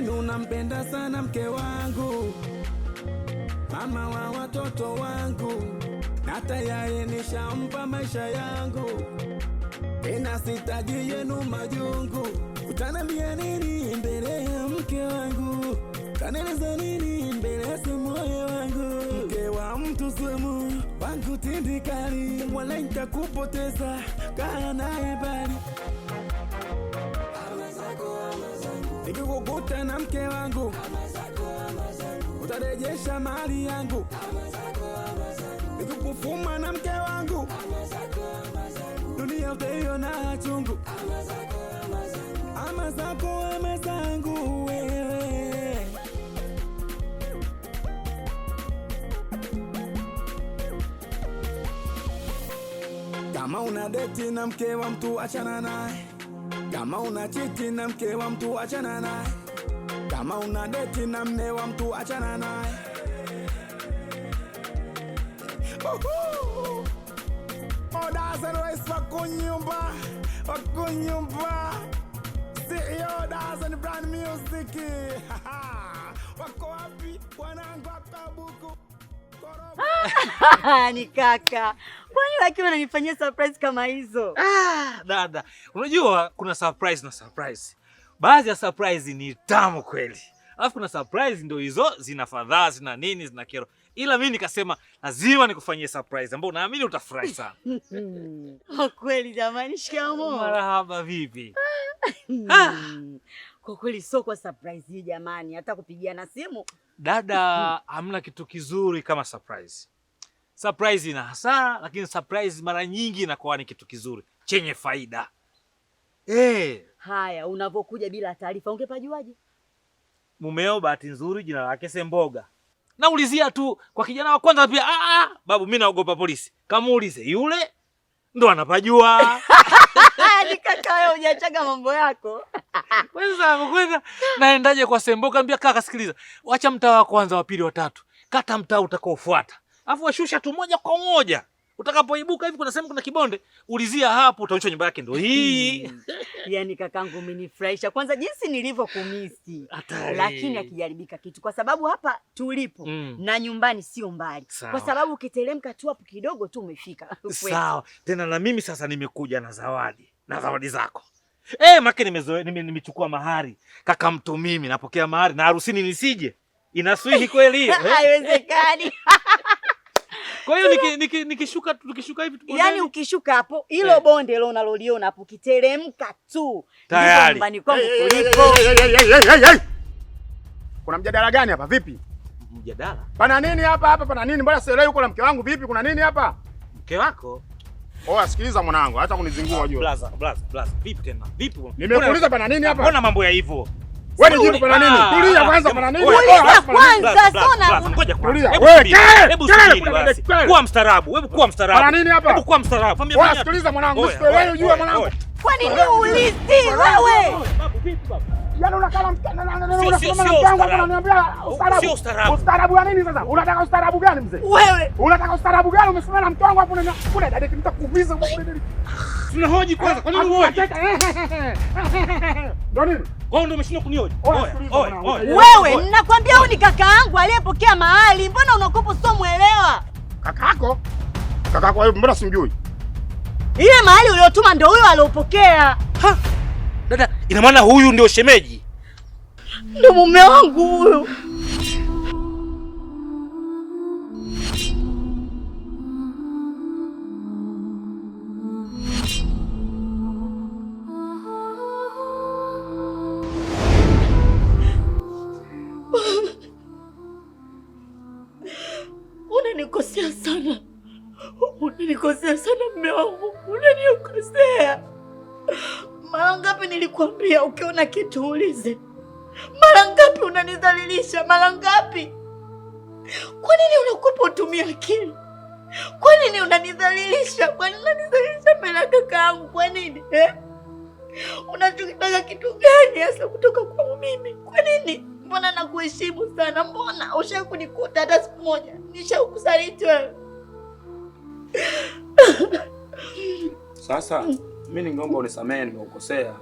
Mi nampenda sana mke wangu, mama wa watoto wangu, natayaye ni nishampa maisha yangu, tena sitaji yenu majungu. Utanambia nini mbele ya mke wangu? Kaneleza nini mbele ya moyo wangu? Mke wa mtu sumu wangu tindikali, wala nitakupoteza, kaa naye bali nikikukuta na mke wangu utarejesha mali yangu, nikikufuma na mke wangu dunia utaiona chungu. Ama zako ama zangu unadeti na mke wa mtu achana naye. Kama unachiti na mke wa mtu achana naye. Kama unadeti na mme wa mtu achana naye. Odaas wakunyumba wakunyumba, sio Odaas brand music. Wako wapi wanangu wakabuku? ni kaka, kwani wakiwa unanifanyia surprise kama hizo? Ah, dada, unajua kuna surprise na surprise. Baadhi ya surprise ni tamu kweli, alafu kuna surprise ndio hizo zina fadhaa zina nini zina kero, ila mimi nikasema lazima nikufanyie surprise ambayo naamini utafurahi sana. Oh, kweli jamani, shikamoo. Marahaba, vipi? Hmm. Kwa kweli sio kwa surprise hii jamani, hata kupigia na simu dada, hamna kitu kizuri kama surprise. Surprise ina hasara, lakini surprise mara nyingi inakuwa ni kitu kizuri chenye faida. Hey. Eh. Haya, unavyokuja bila taarifa ungepajuaje? Mumeo bahati nzuri jina lake Semboga. Naulizia tu kwa kijana wa kwanza pia. Ah, ah, babu mimi naogopa polisi. Kamuulize yule ndo anapajua. wewe hujachaga mambo yako. Kwanza kwanza naendaje kwa Sembo kaambia kaka sikiliza. Wacha mtaa wa kwanza wa pili wa tatu. Kata mtaa utakaofuata. Alafu washusha tu moja kwa moja. Utakapoibuka hivi kuna sehemu kuna kibonde, ulizia hapo, utaonyeshwa nyumba yake ndio hii. Yani kakangu umenifurahisha. Kwanza jinsi nilivyokumisi. Lakini akijaribika kitu kwa sababu hapa tulipo mm. na nyumbani sio mbali. Sao. Kwa sababu ukiteremka tu hapo kidogo tu umefika. Sawa. Tena na mimi sasa nimekuja na zawadi. Na zawadi zako. Eh, make nimezoea nimechukua mahari. Kaka mtu mimi napokea mahari na harusini nisije. Inaswihi kweli hiyo? Eh? Haiwezekani. Kwa hiyo nikishuka niki, niki tukishuka hivi tupo yaani ndani. Yaani ukishuka hapo hilo hey, eh. bonde leo unaloliona hapo kiteremka tu. Tayari. Nyumbani kwangu Kuna mjadala gani hapa vipi? Mjadala? Pana nini hapa hapa pana nini? Mbona sielewi uko na mke wangu vipi? Kuna nini hapa? Mke wako? Oh, sikiliza mwanangu, hata kunizingua jua. Blaza, blaza, blaza. Vipi tena? Vipi? Nimekuuliza pana nini hapa? Mbona mambo ya hivyo? Ustaarabu yaani wa nini sasa? Unataka ustaarabu gani mzee? Wewe. Unataka ustaarabu gani umesimama na mtu wangu hapo na kuna dada nitakuumiza. Tunahoji kwanza. Kwa nini ah, uhoji? Eh, eh, eh, ndio nini? Wewe ndio umeshindwa kunioja? Wewe ninakwambia huyu ni kaka yangu aliyepokea mahali. Mbona unakopa sio muelewa? Kakako? Kakako wewe mbona simjui? Ile mahali uliyotuma ndio huyo aliyopokea. Dada, ina maana huyu ndio shemeji? Ndio mume wangu huyu. umekosea. Mara ngapi nilikwambia ukiona kitu ulize? Mara ngapi unanidhalilisha? Mara ngapi? Kwa nini unakupa utumia akili? Kwa nini unanidhalilisha? Kwa nini unanidhalilisha mbele ya kaka yangu? Kwa nini eh? Unachokitaka kitu gani hasa kutoka kwangu mimi? Kwa nini? Mbona nakuheshimu sana? Mbona ushawahi kunikuta hata siku moja nishakusaliti wewe? Sasa mm. mimi ningeomba unisamehe, nimeukosea.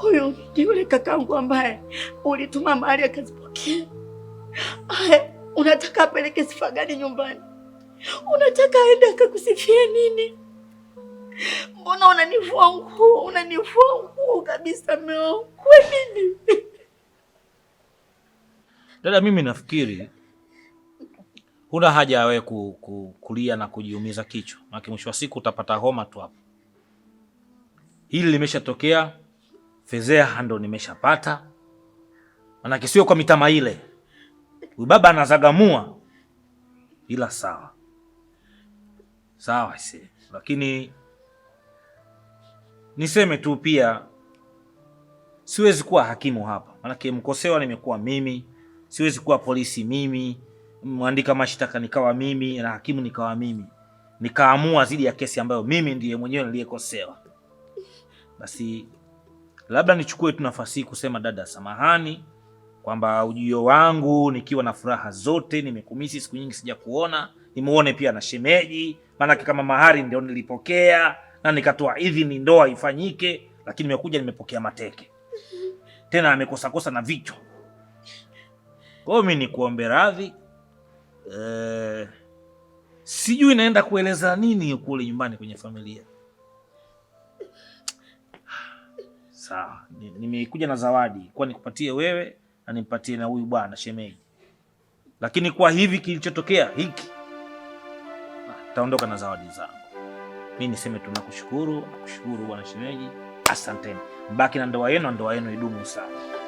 Huyu ni yule kakangu ambaye ulituma mahali akazipokea. Unataka apeleke sifa gani nyumbani? Unataka aende akakusifia nini? Mbona unanivua nguo, unanivua nguo kabisa meo. Kwa nini? Dada, mimi nafikiri huna haja ya wewe ku, ku, kulia na kujiumiza kichwa, maana mwisho wa siku utapata homa tu hapo. Hili limeshatokea, fedheha ndo nimeshapata, maanake sio kwa mitama ile. Huyu baba anazagamua, ila sawa sawa si, lakini niseme tu pia siwezi kuwa hakimu hapa, maanake mkosewa nimekuwa mimi, siwezi kuwa polisi mimi mwandika mashtaka nikawa mimi na hakimu nikawa mimi, nikaamua dhidi ya kesi ambayo mimi ndiye mwenyewe niliyekosewa. Basi labda nichukue tu nafasi hii kusema dada, samahani kwamba ujio wangu nikiwa na furaha zote, nimekumisi siku nyingi sija kuona, nimuone pia na shemeji, maanake kama mahari ndio nilipokea na nikatoa idhini ndoa ifanyike, lakini nimekuja nimepokea mateke tena amekosakosa na vichwa. Kwa hiyo mi nikuombe radhi eh, sijui naenda kueleza nini kule nyumbani kwenye familia. Sawa, nimekuja na zawadi kwa nikupatie wewe na nimpatie na huyu bwana shemeji, lakini kwa hivi kilichotokea hiki, ah, taondoka na zawadi zangu. Mi niseme tu nakushukuru bwana shemeji, asanteni. Mbaki na ndoa yenu, ndoa yenu idumu sana.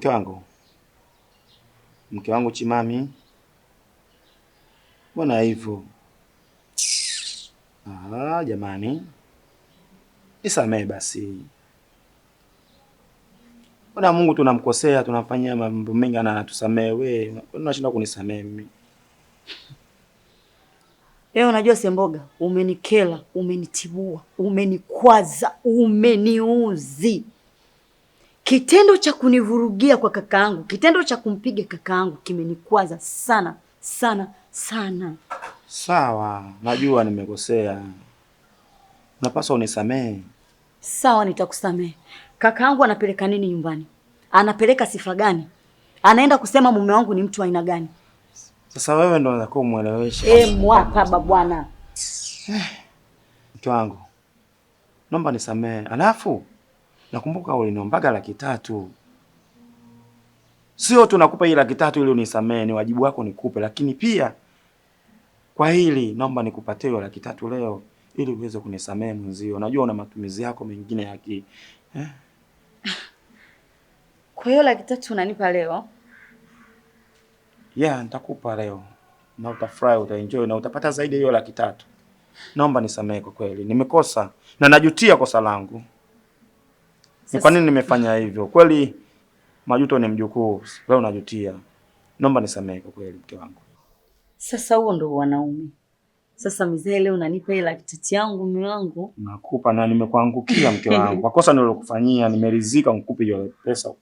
mke wangu, mke wangu Chimami, mbona hivyo? Ah, jamani, nisamee basi. Mbona Mungu tunamkosea, tunamfanyia mambo mengi, anatusamee. Wewe unashinda kunisamee mimi? ee unajua Semboga, umenikela, umenitibua, umenikwaza, umeniuzi Kitendo cha kunivurugia kwa kakaangu, kitendo cha kumpiga kakaangu kimenikwaza sana sana sana. Sawa, najua nimekosea, napaswa unisamehe. Sawa, nitakusamehe. Kakaangu anapeleka nini nyumbani? Anapeleka sifa gani? Anaenda kusema mume wangu ni mtu aina gani? Sasa wewe ndo unataka kumwelewesha. Eh, mwaka bwana. Eh, Mke wangu, naomba nisamehe, alafu Nakumbuka uliniombaga laki tatu, sio tu nakupa hii laki tatu ili unisamee, ni wajibu wako nikupe, lakini pia kwa hili naomba nikupatie hiyo laki tatu leo ili uweze kunisamee mwenzio, najua una matumizi yako mengine ya ki eh? Kwa hiyo laki tatu unanipa leo? Yeah, nitakupa leo na utafurahi, utaenjoy na utapata zaidi hiyo laki tatu. Naomba nisamee kwa kweli, nimekosa na najutia kosa langu. Ni kwa nini nimefanya hivyo? Kweli majuto ni mjukuu, wewe unajutia. Naomba nisamehe kwa kweli mke wangu. Sasa huo ndo wanaume. Sasa mzee, leo unanipa ile kititi yangu mume wangu. Nakupa na nimekuangukia mke wangu. Kwa kosa nilokufanyia nimeridhika nikupe hiyo pesa.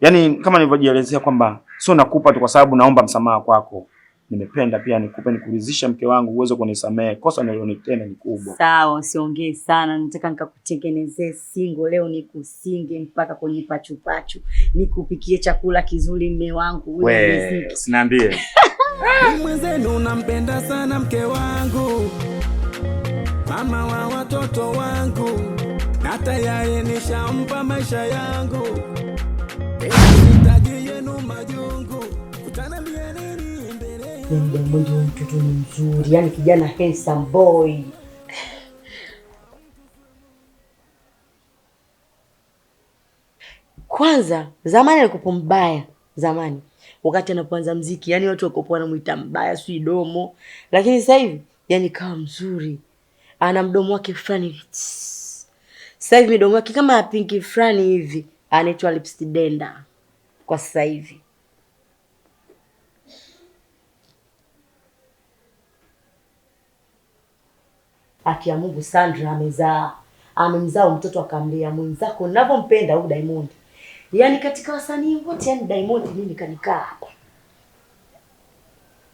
Yaani kama nilivyojielezea kwamba sio nakupa tu kwa sababu naomba msamaha kwako nimependa pia nikupe nikuridhisha mke wangu uweze kunisamehe kosa nilionitenda ni kubwa. Sawa, usiongee sana, nataka nikakutengenezee singo leo, nikusinge mpaka kwenye pachupachu, nikupikie chakula kizuri mme wangu. Wewe usiniambie mwenzenu nampenda sana mke wangu, mama wa watoto wangu, na tayari nishampa maisha yangu, hitaji yenu majungu Jamwenge, huyu mtoto ni mzuri, yaani kijana handsome boy. Kwanza zamani alikuwa mbaya, zamani wakati anapoanza mziki, yani watu wakopoa wanamwita mbaya, sui domo, lakini sasa hivi yani kawa mzuri, ana mdomo wake fulani. Sasa hivi midomo yake kama pinki fulani hivi, anaitwa lipstick denda kwa sasa hivi. Haki ya Mungu, Sandra amezaa, amemzaa mtoto akamlea mwenzako ninavyompenda huyu Diamond. Yaani katika wasanii wote, yani Diamond mimi kanikaa hapa.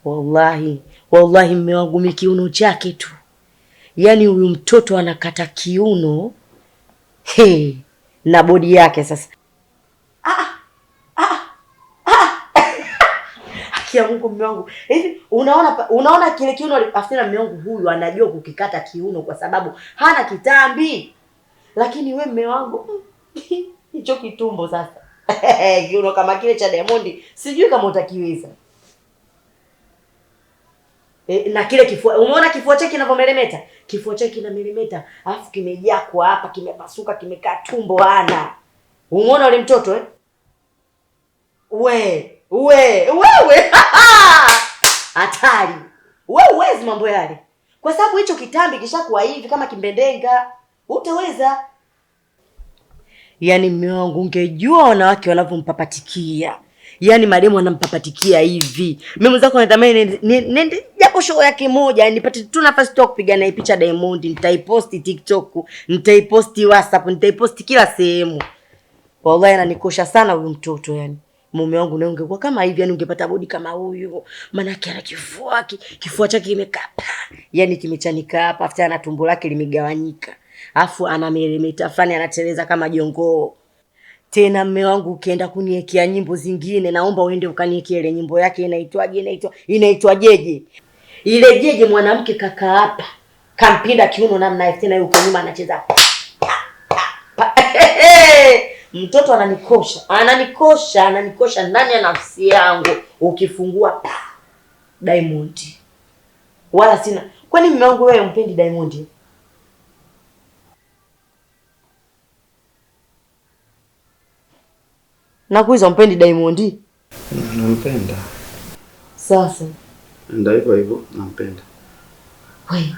Wallahi, wallahi mme wangu mi kiuno chake tu, yaani huyu mtoto anakata kiuno He, na bodi yake sasa haki ya Mungu, mume wangu. Hivi unaona, unaona kile kiuno afikira, mume wangu huyu anajua kukikata kiuno kwa sababu hana kitambi, lakini we mume wangu hicho kitumbo sasa kiuno kama kile cha Diamond sijui kama utakiweza. E, na kile kifua, umeona kifua chake kinavyomeremeta, kifua chake kinameremeta, alafu kimejaa kwa hapa, kimepasuka, kimekaa tumbo ana. Umeona ule mtoto eh? we we wewe hatari we uwezi mambo yale, kwa sababu hicho kitambi kishakuwa hivi kama kimbendenga, utaweza yaani. Mme wangu ungejua wanawake wanavyompapatikia yaani, mademu anampapatikia hivi. Mimi mwenzako natamani nende japo show yake moja, nipate tu nafasi tu kupiga naye picha Diamond, nitaiposti TikTok, nitaiposti WhatsApp, nitaiposti kila sehemu. Wallahi ananikosha sana huyu mtoto yani mume wangu naye ungekuwa kama hivi, yani ungepata bodi kama huyu. Maana ana kifua kifua chake kimekapa, yani kimechanika hapa, afuta ana tumbo lake limegawanyika, afu ana milimita fulani anateleza kama jongoo. Tena mume wangu ukienda kuniekea nyimbo zingine, naomba uende ukaniekea ile nyimbo yake inaitwaje, inaitwa inaitwa jeje, ile jeje mwanamke kaka hapa kampinda kiuno namna hivi, tena yuko nyuma anacheza mtoto ananikosha ananikosha ananikosha ndani ya nafsi yangu, ukifungua pa Diamond, wala sina. Kwani mume wangu wewe umpendi Diamond? Nakuuliza, umpendi Diamond? Nampenda. Sasa ndio hivyo hivyo, nampenda wewe.